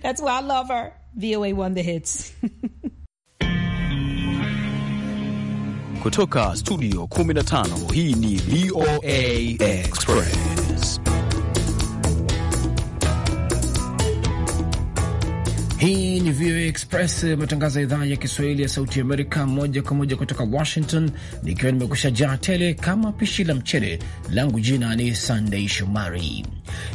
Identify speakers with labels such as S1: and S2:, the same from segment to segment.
S1: That's why I love her. VOA won the hits.
S2: Kutoka studio 15 hii ni VOA Express.
S3: Hii ni VOA Express, matangazo ya idhaa ya Kiswahili ya Sauti Amerika, moja kwa moja kutoka Washington, nikiwa nimekusha jaa tele kama pishi la mchele langu. Jina ni Sandei Shomari,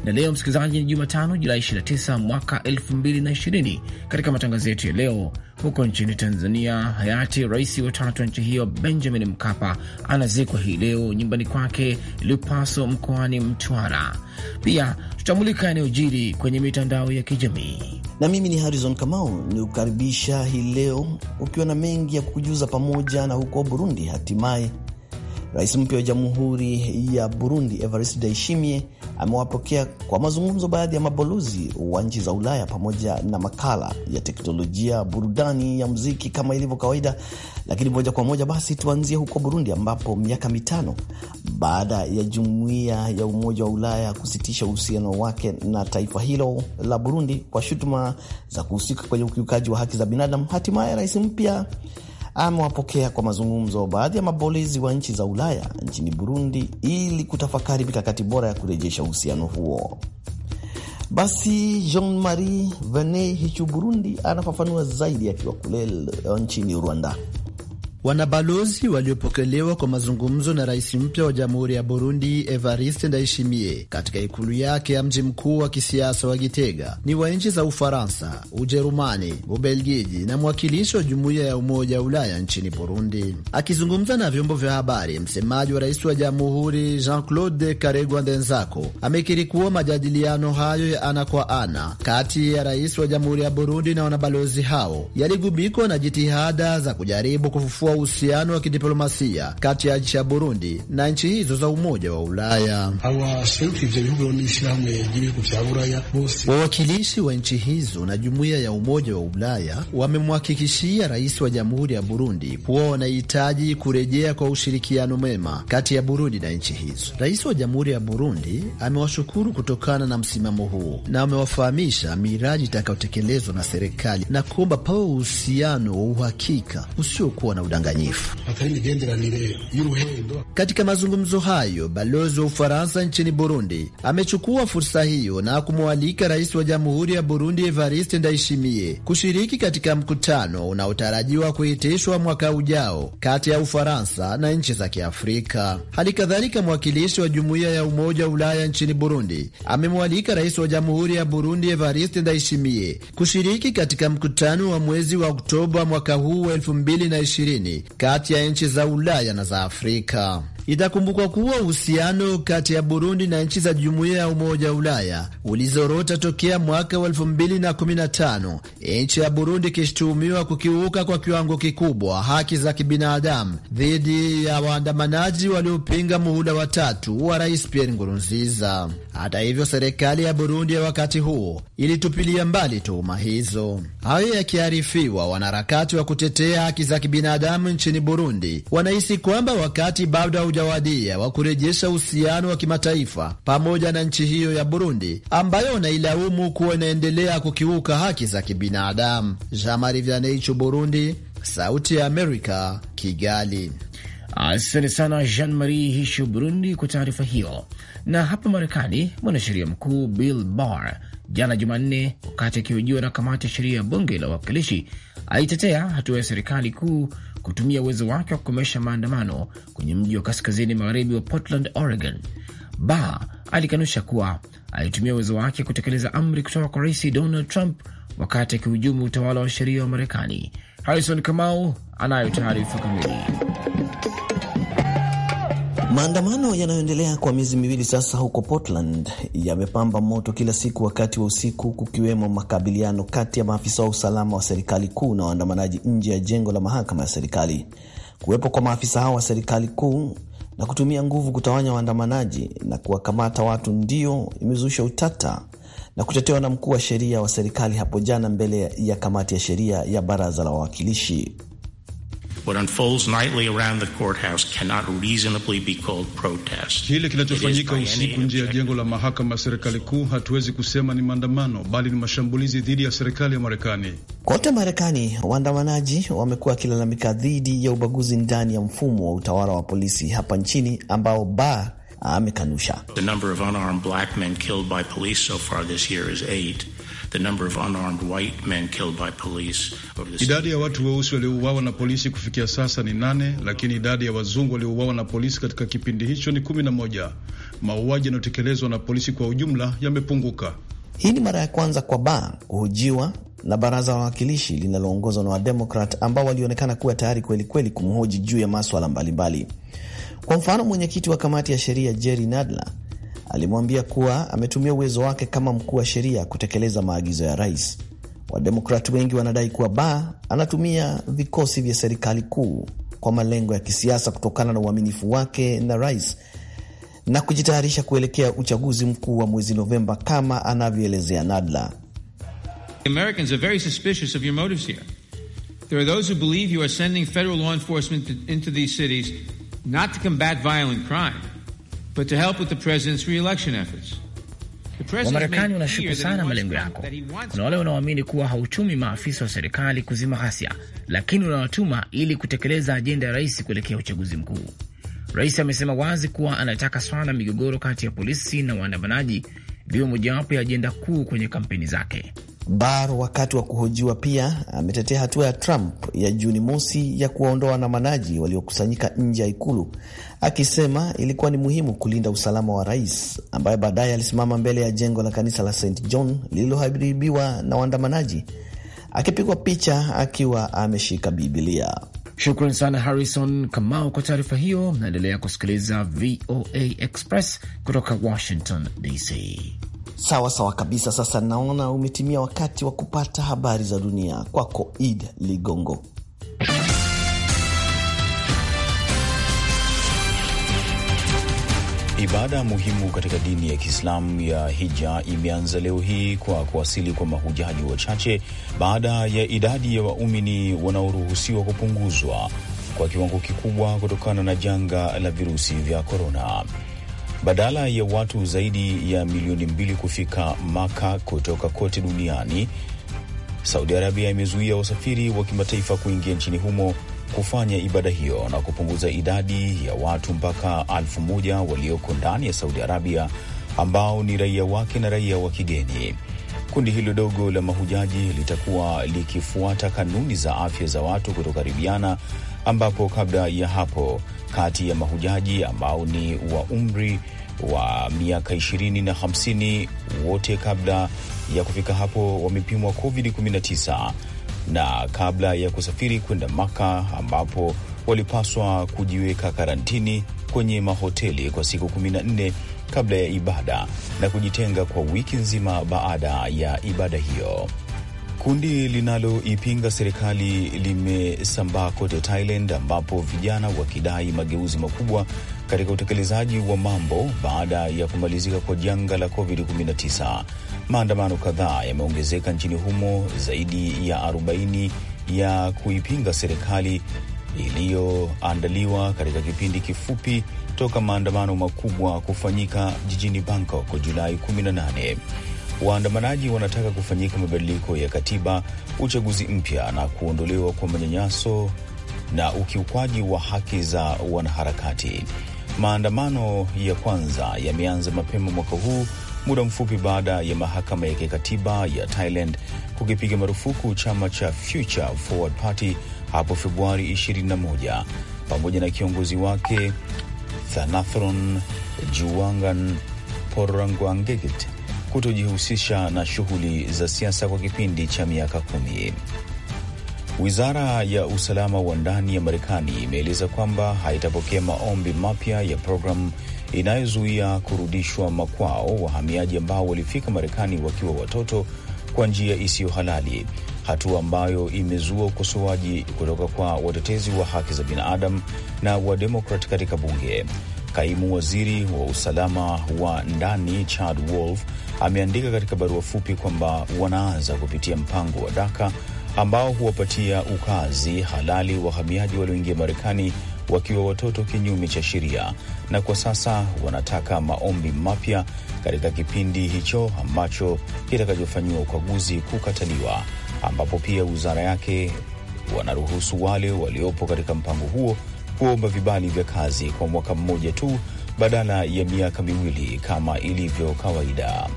S3: na leo msikilizaji, ni Jumatano Julai 29 mwaka 2020. Katika matangazo yetu ya leo, huko nchini Tanzania, hayati rais wa tatu wa nchi hiyo Benjamin Mkapa anazikwa hii leo nyumbani kwake Lupaso mkoani Mtwara. Pia tutamulika yanayojiri kwenye mitandao ya
S4: kijamii. Na mimi ni Harrison Kamau ni kukaribisha hii leo ukiwa na mengi ya kukujuza, pamoja na huko Burundi hatimaye Rais mpya wa Jamhuri ya Burundi Evariste Ndayishimiye amewapokea kwa mazungumzo baadhi ya mabalozi wa nchi za Ulaya pamoja na makala ya teknolojia, burudani ya muziki kama ilivyo kawaida. Lakini moja kwa moja basi tuanzie huko Burundi, ambapo miaka mitano baada ya Jumuiya ya Umoja wa Ulaya kusitisha uhusiano wake na taifa hilo la Burundi kwa shutuma za kuhusika kwenye ukiukaji wa haki za binadamu, hatimaye rais mpya amewapokea kwa mazungumzo baadhi ya mabalozi wa nchi za Ulaya nchini Burundi ili kutafakari mikakati bora ya kurejesha uhusiano huo. Basi Jean
S5: Marie Veney Hichu Burundi anafafanua zaidi akiwa kule eh, nchini Rwanda. Wanabalozi waliopokelewa kwa mazungumzo na rais mpya wa jamhuri ya Burundi Evariste Ndayishimiye katika ikulu yake ya mji mkuu wa kisiasa wa Gitega ni wa nchi za Ufaransa, Ujerumani, Ubelgiji na mwakilishi wa jumuiya ya Umoja wa Ulaya nchini Burundi. Akizungumza na vyombo vya habari, msemaji wa rais wa jamhuri Jean-Claude Karegwa Ndenzako amekiri kuwa majadiliano hayo ya ana kwa ana kati ya rais wa jamhuri ya Burundi na wanabalozi hao yaligubikwa na jitihada za kujaribu kufufua wa uhusiano wa kidiplomasia kati ya nchi ya Burundi na nchi hizo za Umoja wa Ulaya. Wawakilishi wa nchi hizo na jumuiya ya Umoja wa Ulaya wamemhakikishia rais wa Jamhuri ya Burundi kuwa wanahitaji kurejea kwa ushirikiano mwema kati ya Burundi na nchi hizo. Rais wa Jamhuri ya Burundi amewashukuru kutokana na msimamo huo na amewafahamisha miradi itakayotekelezwa na serikali na kuomba pawe uhusiano wa uhakika usiokuwa na udanganyika udanganyifu. Katika mazungumzo hayo, balozi wa Ufaransa nchini Burundi amechukua fursa hiyo na kumwalika rais wa jamhuri ya Burundi Evariste Ndayishimiye kushiriki katika mkutano unaotarajiwa kuitishwa mwaka ujao kati ya Ufaransa na nchi za Kiafrika. Hali kadhalika mwakilishi wa jumuiya ya Umoja wa Ulaya nchini Burundi amemwalika rais wa jamhuri ya Burundi Evariste Ndayishimiye kushiriki katika mkutano wa mwezi wa Oktoba mwaka huu wa 2020 kati ya nchi za Ulaya na za Afrika. Itakumbukwa kuwa uhusiano kati ya Burundi na nchi za jumuiya ya Umoja wa Ulaya ulizorota tokea mwaka wa tano nchi ya Burundi ikishutumiwa kukiuka kwa kiwango kikubwa haki za kibinadamu dhidi ya waandamanaji waliopinga muhula wa tatu wa Rais Pierre Nkurunziza. Hata hivyo, serikali ya Burundi ya wakati huo ilitupilia mbali tuhuma hizo. Hayo yakiarifiwa, wanaharakati wa kutetea haki za kibinadamu nchini Burundi wanahisi kwamba wakati bado haujawadia wa kurejesha uhusiano wa kimataifa pamoja na nchi hiyo ya Burundi ambayo nailaumu kuwa inaendelea kukiuka haki za kibinadamu. Burundi, Sauti ya Amerika, Kigali. Asante sana Jean Marie Hishu, Burundi, kwa taarifa
S3: hiyo. Na hapa Marekani, mwanasheria mkuu Bill Barr jana Jumanne, wakati akihojiwa na kamati ya sheria ya bunge la wawakilishi, alitetea hatua ya serikali kuu kutumia uwezo wake wa kukomesha maandamano kwenye mji wa kaskazini magharibi wa Portland, Oregon. ba alikanusha kuwa alitumia uwezo wake kutekeleza amri kutoka kwa Rais Donald Trump wakati akihujumu utawala wa sheria wa Marekani. Harrison Kamau anayo taarifa kamili.
S4: Maandamano yanayoendelea kwa miezi miwili sasa huko Portland yamepamba moto kila siku wakati wa usiku, kukiwemo makabiliano kati ya maafisa wa usalama wa serikali kuu na waandamanaji nje ya jengo la mahakama ya serikali. Kuwepo kwa maafisa hao wa serikali kuu na kutumia nguvu kutawanya waandamanaji na kuwakamata watu ndio imezusha utata na kutetewa na mkuu wa sheria wa serikali hapo jana mbele ya kamati ya sheria ya baraza la wawakilishi.
S2: What unfolds nightly around the courthouse cannot reasonably be called protest. Kile kinachofanyika usiku nje ya jengo la mahakama ya serikali kuu hatuwezi kusema ni maandamano, bali ni mashambulizi dhidi ya serikali ya Marekani.
S4: Kote Marekani, waandamanaji wamekuwa wakilalamika dhidi ya ubaguzi ndani ya mfumo wa utawala wa polisi hapa nchini ambao ba
S2: amekanusha. The number of unarmed black men killed by police so far this year is eight. Idadi ya watu weusi waliouawa na polisi kufikia sasa ni nane, lakini idadi ya wazungu waliouawa na polisi katika kipindi hicho ni kumi na moja. Mauaji yanayotekelezwa na polisi kwa ujumla yamepunguka. Hii ni mara ya kwanza kwa ba
S4: kuhojiwa na baraza la wawakilishi linaloongozwa na Wademokrat ambao walionekana kuwa tayari kwelikweli kumhoji juu ya maswala mbalimbali. Kwa mfano, mwenyekiti wa kamati ya sheria Jerry Nadler alimwambia kuwa ametumia uwezo wake kama mkuu wa sheria kutekeleza maagizo ya rais. Wademokrati wengi wanadai kuwa Ba anatumia vikosi vya serikali kuu kwa malengo ya kisiasa kutokana na uaminifu wake na rais na kujitayarisha kuelekea uchaguzi mkuu wa mwezi Novemba kama anavyoelezea Nadla.
S2: Americans Wamarekani wanashuku sana malengo yako.
S3: Kuna wale wanaoamini kuwa hauchumi maafisa wa serikali kuzima ghasia, lakini unawatuma ili kutekeleza ajenda ya rais kuelekea uchaguzi mkuu. Rais amesema wazi kuwa anataka swala la migogoro kati ya polisi na waandamanaji liwe mojawapo ya ajenda kuu kwenye kampeni zake
S4: bar wakati wa kuhojiwa pia ametetea hatua ya Trump ya Juni mosi ya kuwaondoa waandamanaji waliokusanyika nje ya ikulu, akisema ilikuwa ni muhimu kulinda usalama wa rais, ambaye baadaye alisimama mbele ya jengo la kanisa la St John lililoharibiwa na waandamanaji akipigwa picha akiwa ameshika Bibilia. Shukran sana Harrison Kamau kwa taarifa hiyo. Mnaendelea kusikiliza VOA Express kutoka Washington DC. Sawa sawa kabisa. Sasa naona umetimia wakati wa kupata habari za dunia. Kwako Id Ligongo.
S2: Ibada muhimu katika dini ya Kiislamu ya hija imeanza leo hii kwa kuwasili kwa mahujaji wachache baada ya idadi ya waumini wanaoruhusiwa kupunguzwa kwa kiwango kikubwa kutokana na janga la virusi vya korona. Badala ya watu zaidi ya milioni mbili kufika Maka kutoka kote duniani, Saudi Arabia imezuia wasafiri wa kimataifa kuingia nchini humo kufanya ibada hiyo na kupunguza idadi ya watu mpaka alfu moja walioko ndani ya Saudi Arabia ambao ni raia wake na raia wa kigeni. Kundi hilo dogo la mahujaji litakuwa likifuata kanuni za afya za watu kutokaribiana ambapo kabla ya hapo kati ya mahujaji ambao ni wa umri wa miaka 2 na 50 wote kabla ya kufika hapo wamepimwa COVID-19 na kabla ya kusafiri kwenda Maka ambapo walipaswa kujiweka karantini kwenye mahoteli kwa siku 14 kabla ya ibada na kujitenga kwa wiki nzima baada ya ibada hiyo. Kundi linaloipinga serikali limesambaa kote Thailand, ambapo vijana wakidai mageuzi makubwa katika utekelezaji wa mambo baada ya kumalizika kwa janga la COVID-19. Maandamano kadhaa yameongezeka nchini humo, zaidi ya 40 ya kuipinga serikali iliyoandaliwa katika kipindi kifupi toka maandamano makubwa kufanyika jijini Bangkok Julai 18. Waandamanaji wanataka kufanyika mabadiliko ya katiba, uchaguzi mpya na kuondolewa kwa manyanyaso na ukiukwaji wa haki za wanaharakati. Maandamano ya kwanza yameanza mapema mwaka huu muda mfupi baada ya mahakama ya kikatiba ya Thailand kukipiga marufuku chama cha Future Forward Party hapo Februari 21 pamoja na kiongozi wake thanathron Juangan Porangwangegit kutojihusisha na shughuli za siasa kwa kipindi cha miaka kumi. Wizara ya usalama wa ndani ya Marekani imeeleza kwamba haitapokea maombi mapya ya programu inayozuia kurudishwa makwao wahamiaji ambao walifika Marekani wakiwa watoto kwa njia isiyo halali, hatua ambayo imezua ukosoaji kutoka kwa watetezi wa haki za binadamu na Wademokrat katika bunge. Kaimu waziri wa usalama wa ndani Chad Wolf ameandika katika barua fupi kwamba wanaanza kupitia mpango wa Daka ambao huwapatia ukazi halali wahamiaji walioingia Marekani wakiwa watoto kinyume cha sheria, na kwa sasa wanataka maombi mapya katika kipindi hicho ambacho kitakachofanyiwa ukaguzi kukataliwa, ambapo pia wizara yake wanaruhusu wale waliopo katika mpango huo kuomba vibali vya kazi kwa mwaka mmoja tu badala ya miaka miwili kama ilivyo kawaida.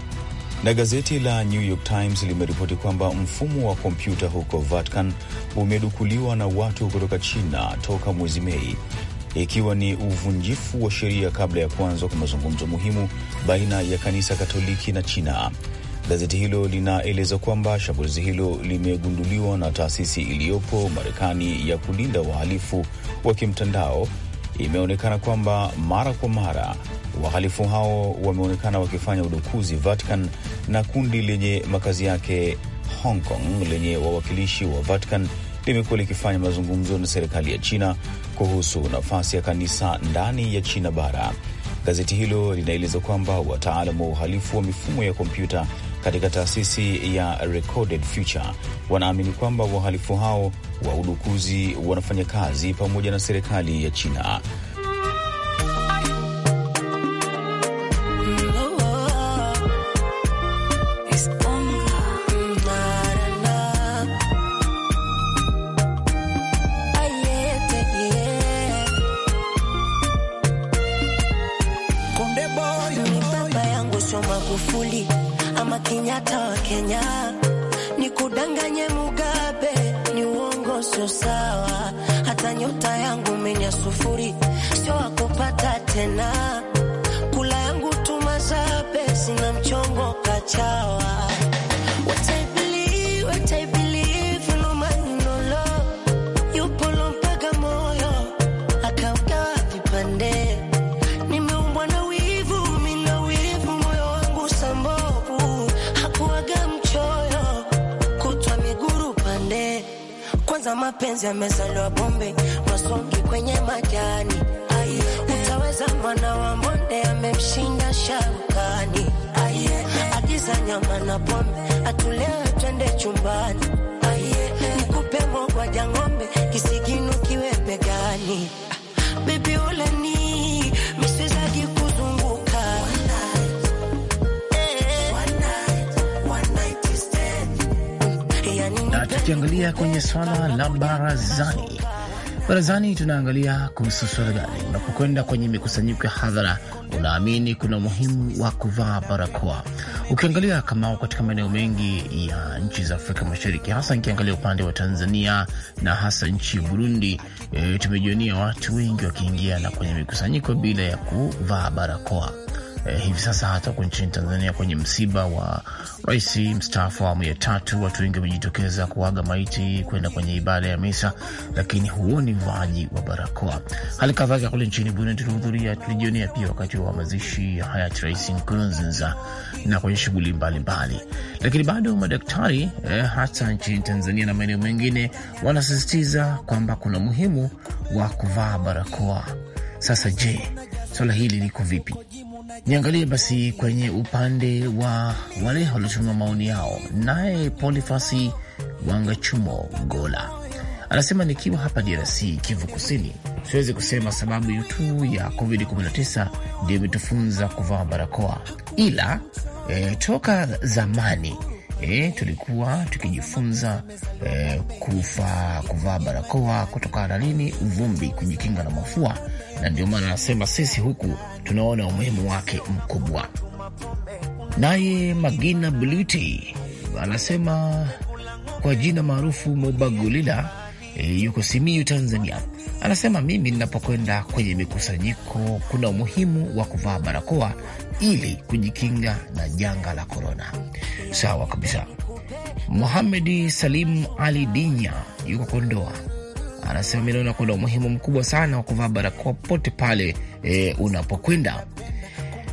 S2: Na gazeti la New York Times limeripoti kwamba mfumo wa kompyuta huko Vatican umedukuliwa na watu kutoka China toka mwezi Mei, ikiwa ni uvunjifu wa sheria kabla ya kuanza kwa mazungumzo muhimu baina ya kanisa Katoliki na China. Gazeti hilo linaeleza kwamba shambulizi hilo limegunduliwa na taasisi iliyopo Marekani ya kulinda wahalifu wa kimtandao. Imeonekana kwamba mara kwa mara wahalifu hao wameonekana wakifanya udukuzi Vatican na kundi lenye makazi yake Hong Kong lenye wawakilishi wa Vatican limekuwa likifanya mazungumzo na serikali ya China kuhusu nafasi ya kanisa ndani ya China bara. Gazeti hilo linaeleza kwamba wataalamu wa uhalifu wa mifumo ya kompyuta katika taasisi ya Recorded Future wanaamini kwamba wahalifu hao wa udukuzi wanafanya kazi pamoja na serikali ya China.
S1: baba yangu Magufuli kama Kenyatta wa Kenya, ni kudanganye Mugabe, ni uongo, sio sawa. Hata nyota yangu menya sufuri, sio wakupata tena. Kula yangu tumazabe, sina mchongo kachawa mapenzi amezaliwa bombe, masongi kwenye majani. Aye, utaweza mwana wa monde amemshinda Sharukani. Aye, agiza nyama na pombe, atulea twende chumbani. Aye, nikupe mbogwa jang'ombe, kisiginu kiwe begani. Baby ule ni
S3: tukiangalia kwenye swala la barazani. Barazani tunaangalia kuhusu swala gani? Unapokwenda kwenye mikusanyiko ya hadhara, unaamini kuna umuhimu wa kuvaa barakoa? Ukiangalia kama katika maeneo mengi ya nchi za Afrika Mashariki, hasa nikiangalia upande wa Tanzania na hasa nchi ya Burundi, e, eh, tumejionia watu wengi wakiingia na kwenye mikusanyiko bila ya kuvaa barakoa eh, hivi sasa huko nchini Tanzania kwenye msiba wa rais mstaafu wa awamu ya tatu, watu wengi wamejitokeza kuaga maiti kwenda kwenye ibada ya misa, lakini huoni mvaaji wa barakoa. Hali kadhalika kule nchini Burundi tulihudhuria, tulijionea pia wakati wa mazishi hayati rais Nkurunziza na kwenye shughuli mbalimbali, lakini bado madaktari eh, hata nchini Tanzania na maeneo mengine wanasisitiza kwamba kuna umuhimu wa kuvaa barakoa. Sasa je, swala hili liko vipi? Niangalie basi kwenye upande wa wale waliotumiwa maoni yao. Naye Polifasi Wangachumo Gola anasema nikiwa hapa DRC Kivu Kusini, siwezi kusema sababu tu ya COVID-19 ndio imetufunza kuvaa barakoa, ila e, toka zamani e, tulikuwa tukijifunza e, kufa kuvaa barakoa kutokana na nini, uvumbi, kujikinga na mafua, na ndio maana anasema sisi huku tunaona umuhimu wake mkubwa. Naye Magina Bluti anasema kwa jina maarufu Mobagulila e, yuko Simiyu, Tanzania, anasema mimi ninapokwenda kwenye mikusanyiko kuna umuhimu wa kuvaa barakoa ili kujikinga na janga la korona. Sawa kabisa. Muhamedi Salim Ali Dinya yuko Kondoa, anasema mi naona kuna umuhimu mkubwa sana wa kuvaa barakoa popote pale e, unapokwenda.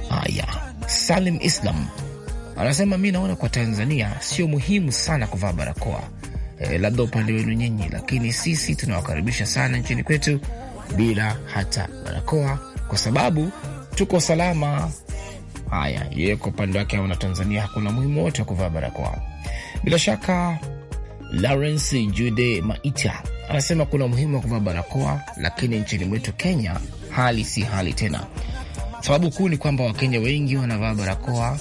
S3: Haya, Salim Islam anasema mi naona kwa Tanzania sio muhimu sana kuvaa barakoa eh, labda upande wenu nyinyi, lakini sisi tunawakaribisha sana nchini kwetu bila hata barakoa, kwa sababu tuko salama. Haya, yeye kwa upande wake aona Tanzania hakuna muhimu wote wa kuvaa barakoa. Bila shaka, Lawrence Jude Maita anasema kuna umuhimu wa kuvaa barakoa, lakini nchini mwetu Kenya hali si hali tena. Sababu kuu ni kwamba Wakenya wengi wanavaa barakoa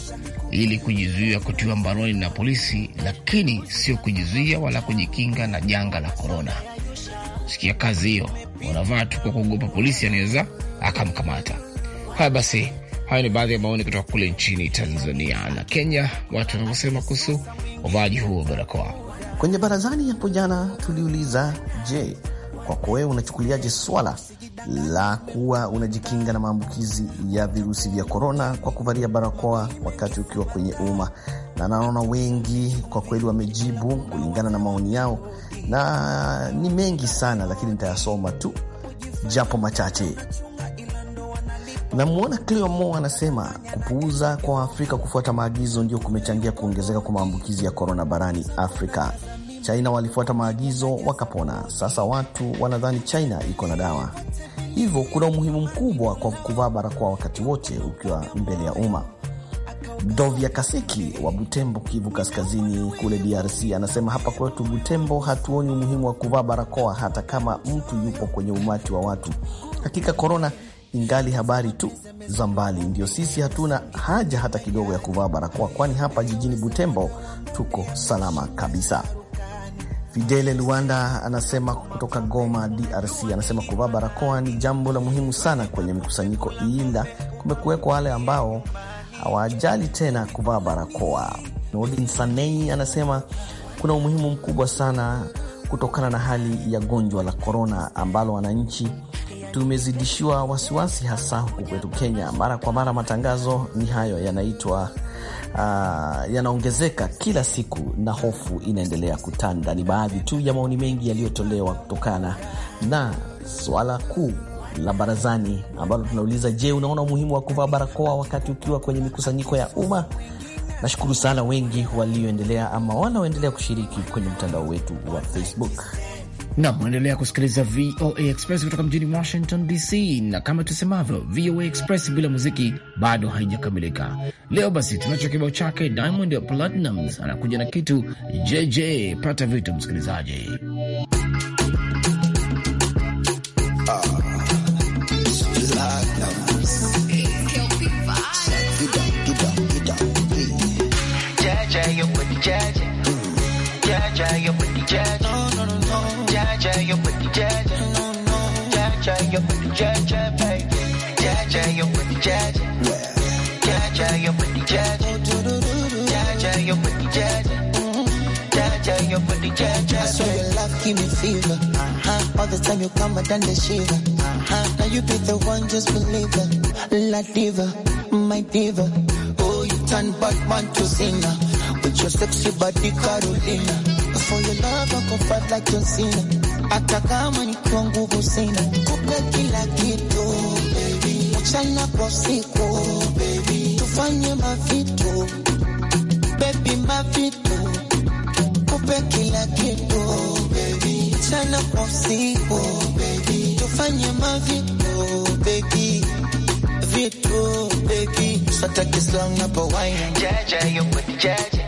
S3: ili kujizuia kutiwa mbaroni na polisi, lakini sio kujizuia wala kujikinga na janga la korona. Sikia kazi hiyo, wanavaa tu kwa kuogopa polisi anaweza akamkamata. Haya basi, hayo ni baadhi ya
S4: maoni kutoka kule nchini Tanzania na Kenya, watu wanavyosema kuhusu uvaaji huo wa barakoa. Kwenye barazani hapo jana tuliuliza, je, kwako wewe unachukuliaje swala la kuwa unajikinga na maambukizi ya virusi vya korona kwa kuvalia barakoa wakati ukiwa kwenye umma, na naona wengi kwa kweli wamejibu kulingana na maoni yao, na ni mengi sana, lakini nitayasoma tu japo machache. Namwona Cleo Mo anasema kupuuza kwa Afrika kufuata maagizo ndio kumechangia kuongezeka kwa maambukizi ya korona barani Afrika. China walifuata maagizo wakapona. Sasa watu wanadhani China iko na dawa. Hivyo kuna umuhimu mkubwa kwa kuvaa barakoa wakati wote ukiwa mbele ya umma. Dovya Kasiki wa Butembo, Kivu Kaskazini kule DRC, anasema hapa kwetu Butembo hatuoni umuhimu wa kuvaa barakoa hata kama mtu yupo kwenye umati wa watu. Hakika korona ingali habari tu za mbali, ndio sisi hatuna haja hata kidogo ya kuvaa barakoa, kwani hapa jijini Butembo tuko salama kabisa. Fidele Luanda anasema kutoka Goma, DRC, anasema kuvaa barakoa ni jambo la muhimu sana kwenye mkusanyiko, ila kumekuwekwa wale ambao hawajali tena kuvaa barakoa. Nordin Sanei anasema kuna umuhimu mkubwa sana kutokana na hali ya gonjwa la korona ambalo wananchi tumezidishiwa wasiwasi, hasa huku kwetu Kenya. Mara kwa mara matangazo ni hayo yanaitwa uh, yanaongezeka kila siku na hofu inaendelea kutanda. Ni baadhi tu ya maoni mengi yaliyotolewa kutokana na swala kuu la barazani ambalo tunauliza, je, unaona umuhimu wa kuvaa barakoa wakati ukiwa kwenye mikusanyiko ya umma? Nashukuru sana wengi walioendelea ama wanaoendelea kushiriki kwenye mtandao wetu wa Facebook nam endelea kusikiliza VOA Express
S3: kutoka mjini Washington DC, na kama tusemavyo, VOA Express bila muziki bado haijakamilika. Leo basi tunacho kibao chake Diamond Platnumz anakuja na kitu JJ, pata vitu msikilizaji.
S6: jaja, jaja your booty jaja, jaja your booty jaja, jaja your booty jaja. I swear your love give me fever, uh-huh. all the time you come and the shiver. Uh-huh. Now you be the one, just believe it, la diva, my diva. Oh, you turn Batman to singer with your sexy body, Carolina. For your love, I go fight like John Cena. Hata kama nikiwa nguvu sina, kupa kila kitu tuachana kwa siku baby. Tufanye mavitu baby, mavitu kupe kila kitu baby. Chana kwa siku baby. Tufanye mavitu baby, vitu baby. Sata slang na po jaja yo kuti jaja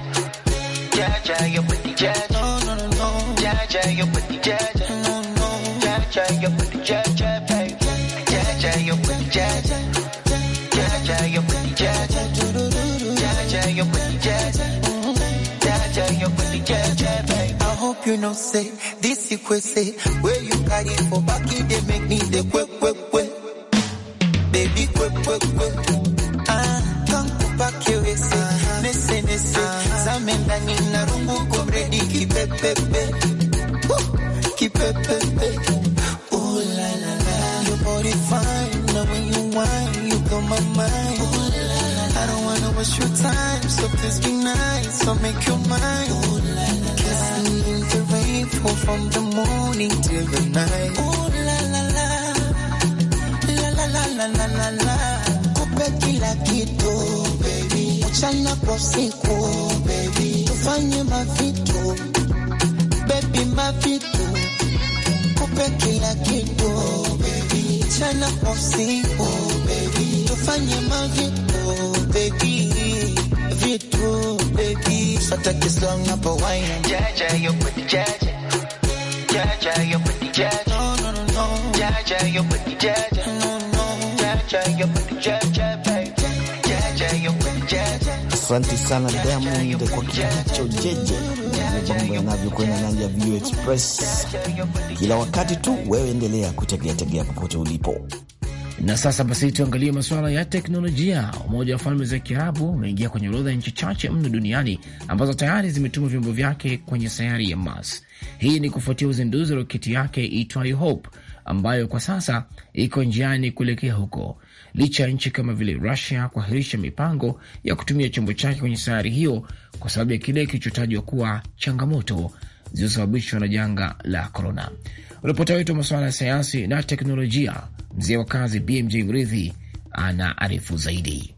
S6: jaja yo kuti jaja
S1: no no no no
S6: jaja yo kuti jaja no no jaja yo kuti jaja I hope you know, say, this secret, say, where you carry for back, they make me the quick, quick, quick. Baby, quick, quick, quick. Ah, uh-huh. come to back your waist. Missy, missy. Zamendani na rungu kumredi, kipepepe. Kipepepe. special time, so please be nice, so make your mind. Kissing in the rainfall from the morning till the night. Ooh la la la, la la la la la la la. Kupe kila kitu, baby. Uchana kwa siku, baby. Tufanye mavitu, oh, baby mavitu. Kupe kila kitu, baby. Uchana kwa siku, baby. Tufanye mavitu, oh, baby. So take it slow, napo wine. Jaja, you with the jaja. Jaja, you with the jaja. No, no, no, no. Jaja, you with the jaja. No, no. Jaja, you with the jaja, baby. Jaja, you with
S4: Asante sana Diamond kwa kicho jeje mambo yanavyokwenda ndani ya View Express kila wakati tu. Wewe endelea kutegeategea popote ulipo.
S3: Na sasa basi tuangalie masuala ya teknolojia. Umoja wa Falme za Kiarabu umeingia kwenye orodha ya nchi chache mno duniani ambazo tayari zimetuma vyombo vyake kwenye sayari ya Mars. Hii ni kufuatia uzinduzi wa roketi yake itwayo Hope ambayo kwa sasa iko njiani kuelekea huko, licha ya nchi kama vile Rusia kuahirisha mipango ya kutumia chombo chake kwenye sayari hiyo kwa sababu ya kile kilichotajwa kuwa changamoto zilizosababishwa na janga la korona. Ripota wetu wa masuala ya sayansi na teknolojia, mzee wa kazi BMJ Mridhi anaarifu zaidi.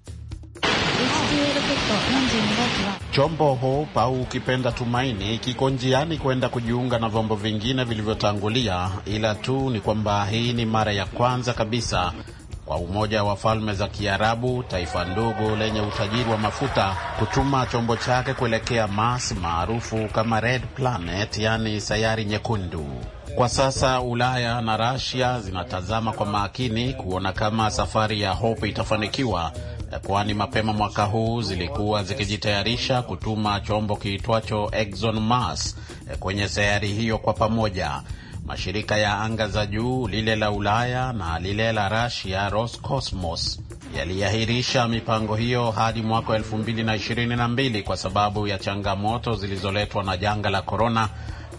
S7: Chombo Hope au ukipenda Tumaini kiko njiani kwenda kujiunga na vyombo vingine vilivyotangulia, ila tu ni kwamba hii ni mara ya kwanza kabisa wa Umoja wa Falme za Kiarabu, taifa ndogo lenye utajiri wa mafuta, kutuma chombo chake kuelekea Mars maarufu kama Red Planet, yaani sayari nyekundu. Kwa sasa Ulaya na Rasia zinatazama kwa makini kuona kama safari ya Hope itafanikiwa, kwani mapema mwaka huu zilikuwa zikijitayarisha kutuma chombo kiitwacho Exon Mars kwenye sayari hiyo kwa pamoja. Mashirika ya anga za juu, lile la Ulaya na lile la Russia Roscosmos, yaliahirisha mipango hiyo hadi mwaka wa 2022 kwa sababu ya changamoto zilizoletwa na janga la korona,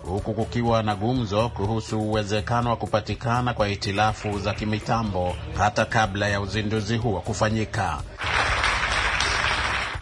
S7: huku kukiwa na gumzo kuhusu uwezekano wa kupatikana kwa hitilafu za kimitambo hata kabla ya uzinduzi huo kufanyika.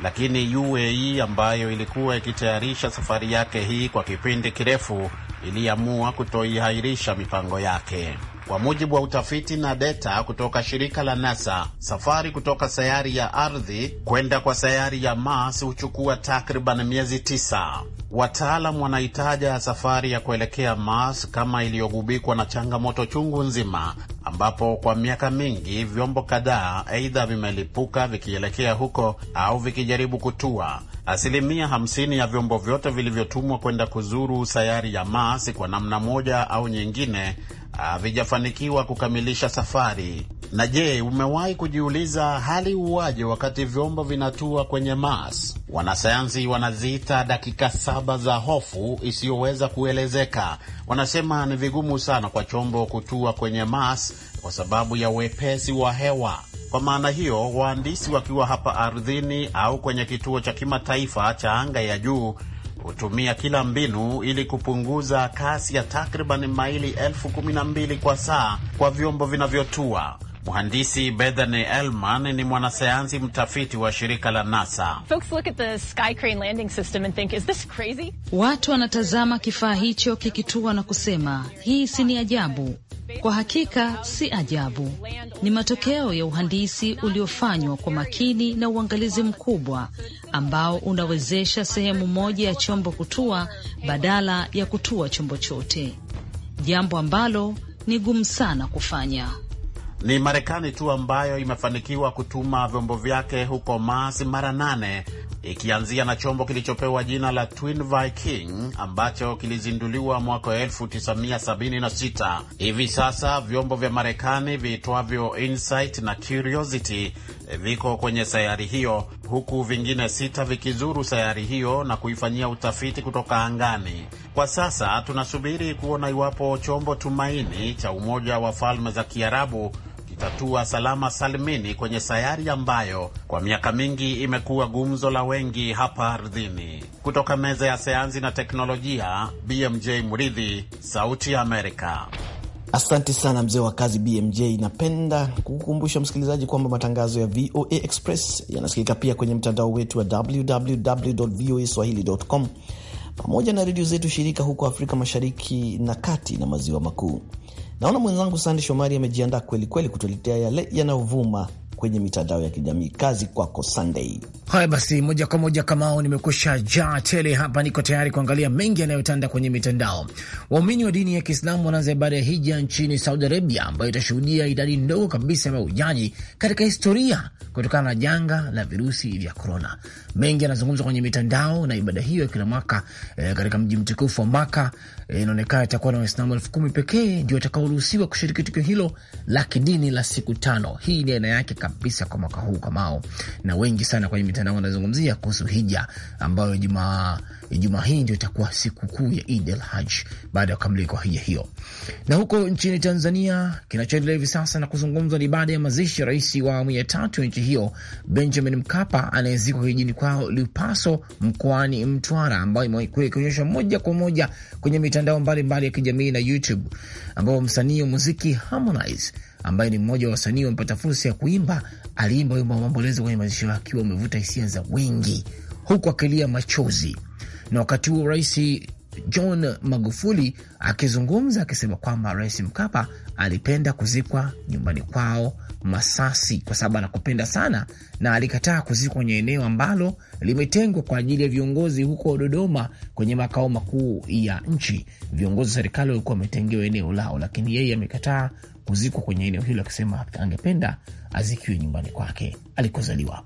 S7: Lakini UAE ambayo ilikuwa ikitayarisha safari yake hii kwa kipindi kirefu iliamua kutoihairisha mipango yake. Kwa mujibu wa utafiti na data kutoka shirika la NASA, safari kutoka sayari ya ardhi kwenda kwa sayari ya Mars huchukua takriban miezi tisa. Wataalam wanahitaja safari ya kuelekea Mars kama iliyogubikwa na changamoto chungu nzima, ambapo kwa miaka mingi vyombo kadhaa aidha vimelipuka vikielekea huko au vikijaribu kutua. Asilimia 50 ya vyombo vyote vilivyotumwa kwenda kuzuru sayari ya Mars kwa namna moja au nyingine havijafanikiwa kukamilisha safari. Na je, umewahi kujiuliza hali uwaje wakati vyombo vinatua kwenye Mars? Wanasayansi wanaziita dakika saba za hofu isiyoweza kuelezeka. Wanasema ni vigumu sana kwa chombo kutua kwenye Mars kwa sababu ya wepesi wa hewa. Kwa maana hiyo, wahandisi wakiwa hapa ardhini au kwenye kituo cha kimataifa cha anga ya juu hutumia kila mbinu ili kupunguza kasi ya takriban maili elfu kumi na mbili kwa saa kwa vyombo vinavyotua Mhandisi Bethany Elman ni mwanasayansi mtafiti wa shirika la NASA.
S1: Watu wanatazama kifaa hicho kikitua na kusema hii si ni ajabu? Kwa hakika si ajabu, ni matokeo ya uhandisi uliofanywa kwa makini na uangalizi mkubwa ambao unawezesha sehemu moja ya chombo kutua badala ya kutua chombo chote, jambo ambalo ni gumu sana kufanya.
S7: Ni Marekani tu ambayo imefanikiwa kutuma vyombo vyake huko Mars mara nane ikianzia na chombo kilichopewa jina la Twin Viking ambacho kilizinduliwa mwaka 976 1976. Hivi sasa vyombo vya Marekani viitwavyo Insight na Curiosity eh, viko kwenye sayari hiyo, huku vingine sita vikizuru sayari hiyo na kuifanyia utafiti kutoka angani. Kwa sasa tunasubiri kuona iwapo chombo Tumaini cha Umoja wa Falme za Kiarabu kujitatua salama salimini kwenye sayari ambayo kwa miaka mingi imekuwa gumzo la wengi hapa ardhini. Kutoka meza ya sayansi na teknolojia, BMJ Muridhi, Sauti ya Amerika.
S4: Asante sana mzee wa kazi BMJ. Napenda kukukumbusha msikilizaji kwamba matangazo ya VOA Express yanasikika pia kwenye mtandao wetu wa www voa swahili com pamoja na redio zetu shirika huko Afrika Mashariki na Kati na Maziwa Makuu. Naona mwenzangu Sande Shomari amejiandaa kwelikweli kutuletea yale yanayovuma kwenye mitandao ya kijamii. Kazi kwako Sunday.
S3: Haya basi, moja kwa moja kamao, nimekusha jaa tele hapa, niko tayari kuangalia mengi yanayotanda kwenye mitandao. Waumini wa dini ya Kiislamu wanaanza ibada ya hija nchini Saudi Arabia, ambayo itashuhudia idadi ndogo kabisa ya mahujaji katika historia kutokana na janga la virusi vya korona. Mengi yanazungumzwa kwenye mitandao na ibada hiyo ya kila mwaka e, katika mji mtukufu wa Maka eh, inaonekana e, itakuwa na Waislamu elfu kumi pekee ndio watakaoruhusiwa kushiriki tukio hilo la kidini la siku tano. Hii ni aina yake kabisa kabisa kwa mwaka huu Kamao, na wengi sana kwenye mitandao wanazungumzia kuhusu hija ambayo Ijumaa Ijumaa hii ndio itakuwa siku kuu ya Id el Haj baada ya kukamilika kwa hija hiyo. Na huko nchini Tanzania, kinachoendelea hivi sasa na kuzungumzwa ni baada ya mazishi ya rais wa awamu ya tatu ya nchi hiyo Benjamin Mkapa anayezikwa kijijini kwao Lupaso mkoani Mtwara, ambayo imekuwa ikionyeshwa moja kwa moja kwenye mitandao mbalimbali mbali ya kijamii na YouTube, ambapo msanii wa muziki Harmonize ambaye ni mmoja wa wasanii wamepata fursa ya kuimba, aliimba wimbo wa maombolezo kwenye mazishi yake akiwa amevuta hisia za wengi, huku akilia machozi. Na wakati huo Rais John Magufuli akizungumza akisema kwamba Rais Mkapa alipenda kuzikwa nyumbani kwao Masasi kwa sababu anakupenda sana, na alikataa kuzikwa kwenye eneo ambalo limetengwa kwa ajili ya viongozi huko Dodoma, kwenye makao makuu ya nchi. Viongozi wa serikali walikuwa wametengewa eneo lao, lakini yeye amekataa kuzikwa kwenye eneo hilo, akisema angependa azikiwe nyumbani kwake alikozaliwa.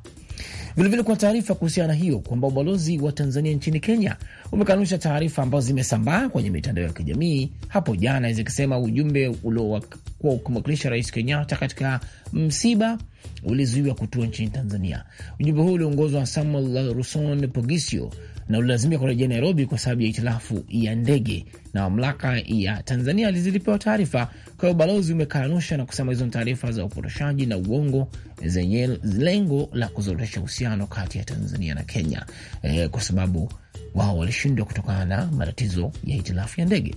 S3: Vilevile kuna taarifa kuhusiana na hiyo kwamba ubalozi wa Tanzania nchini Kenya umekanusha taarifa ambazo zimesambaa kwenye mitandao ya kijamii hapo jana zikisema ujumbe uliokuwa ukimwakilisha Rais Kenyatta katika msiba ulizuiwa kutua nchini Tanzania. Ujumbe huu uliongozwa Samuel Ruson Pogisio na ulilazimika kurejea Nairobi kwa sababu ya itilafu ya ndege na mamlaka ya Tanzania zilipewa taarifa. Kwa hiyo ubalozi umekanusha na kusema hizo ni taarifa za upotoshaji na uongo zenye lengo la kuzorotesha uhusiano kati ya Tanzania na Kenya e, kwa sababu wao walishindwa kutokana na matatizo ya hitilafu ya ndege.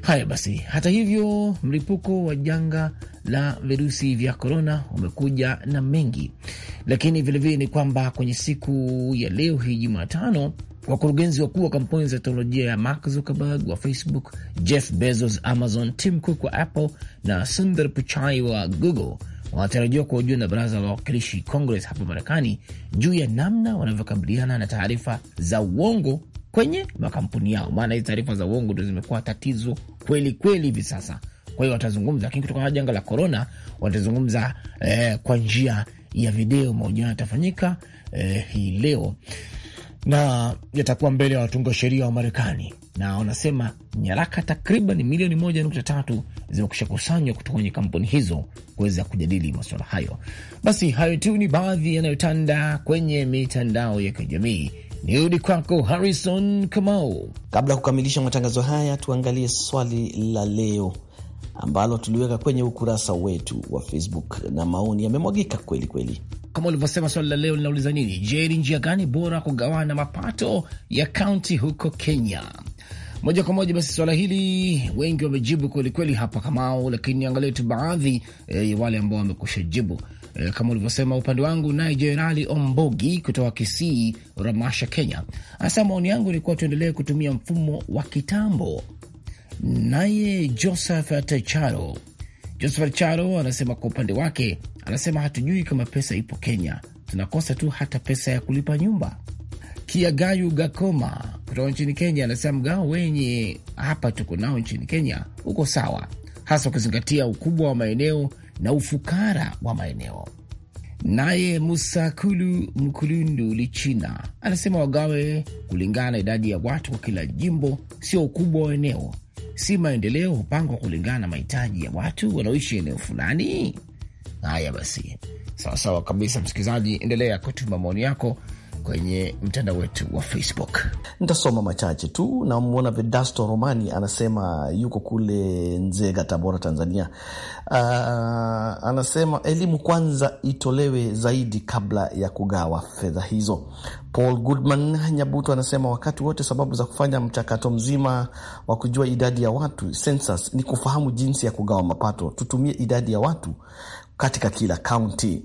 S3: Haya basi, hata hivyo, mlipuko wa janga la virusi vya korona umekuja na mengi, lakini vilevile ni kwamba kwenye siku ya leo hii Jumatano wakurugenzi wakuu wa kampuni za teknolojia ya Mark Zuckerberg wa Facebook, Jeff Bezos Amazon, Tim Cook wa Apple na Sundar Pichai wa Google wanatarajiwa kuhojiwa na baraza la wawakilishi Congress hapa Marekani juu ya namna wanavyokabiliana na taarifa za uongo kwenye makampuni yao, maana hizi taarifa za uongo ndo zimekuwa tatizo kweli kweli hivi sasa. Kwa hiyo watazungumza, lakini kutokana na janga la korona watazungumza eh, kwa njia ya video. Mahojiano yatafanyika eh, hii leo na yatakuwa mbele ya watunga sheria wa Marekani, na wanasema nyaraka takriban milioni moja nukta tatu zimekusha kusanywa kutoka kwenye kampuni hizo kuweza kujadili masuala hayo. Basi hayo tu ni baadhi yanayotanda
S4: kwenye mitandao ya kijamii. Nirudi kwako Harrison Kamau. Kabla ya kukamilisha matangazo haya, tuangalie swali la leo ambalo tuliweka kwenye ukurasa wetu wa Facebook na maoni yamemwagika kweli kweli
S3: kama ulivyosema, swali la leo linauliza nini? Je, ni njia gani bora kugawana mapato ya kaunti huko Kenya? Moja kwa moja basi, swala hili wengi wamejibu kwelikweli hapa Kamao, lakini niangalie tu baadhi ya eh, e, wale ambao wamekusha jibu e, kama ulivyosema upande wangu, naye Jenerali Ombogi kutoka Kisii, Ramasha, Kenya, hasa maoni yangu ni kuwa tuendelee kutumia mfumo wa kitambo. Naye Joseph Techaro Joseph Charo anasema kwa upande wake Anasema hatujui kama pesa ipo Kenya, tunakosa tu hata pesa ya kulipa nyumba. Kiagayu Gakoma kutoka nchini Kenya anasema mgao wenye hapa tuko nao nchini Kenya uko sawa, hasa ukizingatia ukubwa wa maeneo na ufukara wa maeneo. Naye Musakulu Mkulundu Lichina anasema wagawe kulingana na idadi ya watu kwa kila jimbo, sio ukubwa wa eneo. Si maendeleo hupangwa kulingana na mahitaji ya watu wanaoishi eneo fulani? Haya basi, sawasawa kabisa, msikilizaji, endelea kutuma maoni
S4: yako kwenye mtandao wetu wa Facebook. Ntasoma machache tu. Namwona Vedasto Romani anasema yuko kule Nzega, Tabora, Tanzania. Uh, anasema elimu kwanza itolewe zaidi kabla ya kugawa fedha hizo. Paul Goodman Nyabuto anasema wakati wote sababu za kufanya mchakato mzima wa kujua idadi ya watu census ni kufahamu jinsi ya kugawa mapato. Tutumie idadi ya watu katika kila kaunti.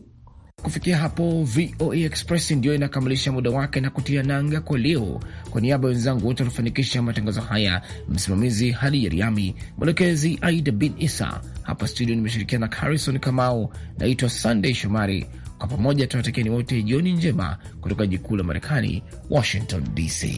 S4: Kufikia hapo, VOA e Express
S3: ndiyo inakamilisha muda wake na kutia nanga kwa leo. Kwa niaba ya wenzangu wote waliofanikisha matangazo haya, msimamizi Hadi Yariami, mwelekezi Aida bin Isa. Hapa studio nimeshirikiana na Harrison Kamau. Naitwa Sunday Shomari. Kwa pamoja ni wote jioni njema kutoka jikuu la Marekani, Washington DC.